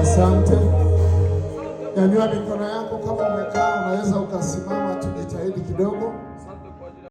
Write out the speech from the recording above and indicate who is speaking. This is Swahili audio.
Speaker 1: Asante. Nyanyua mikono yako, kama umekaa unaweza ukasimama tu, kidogo.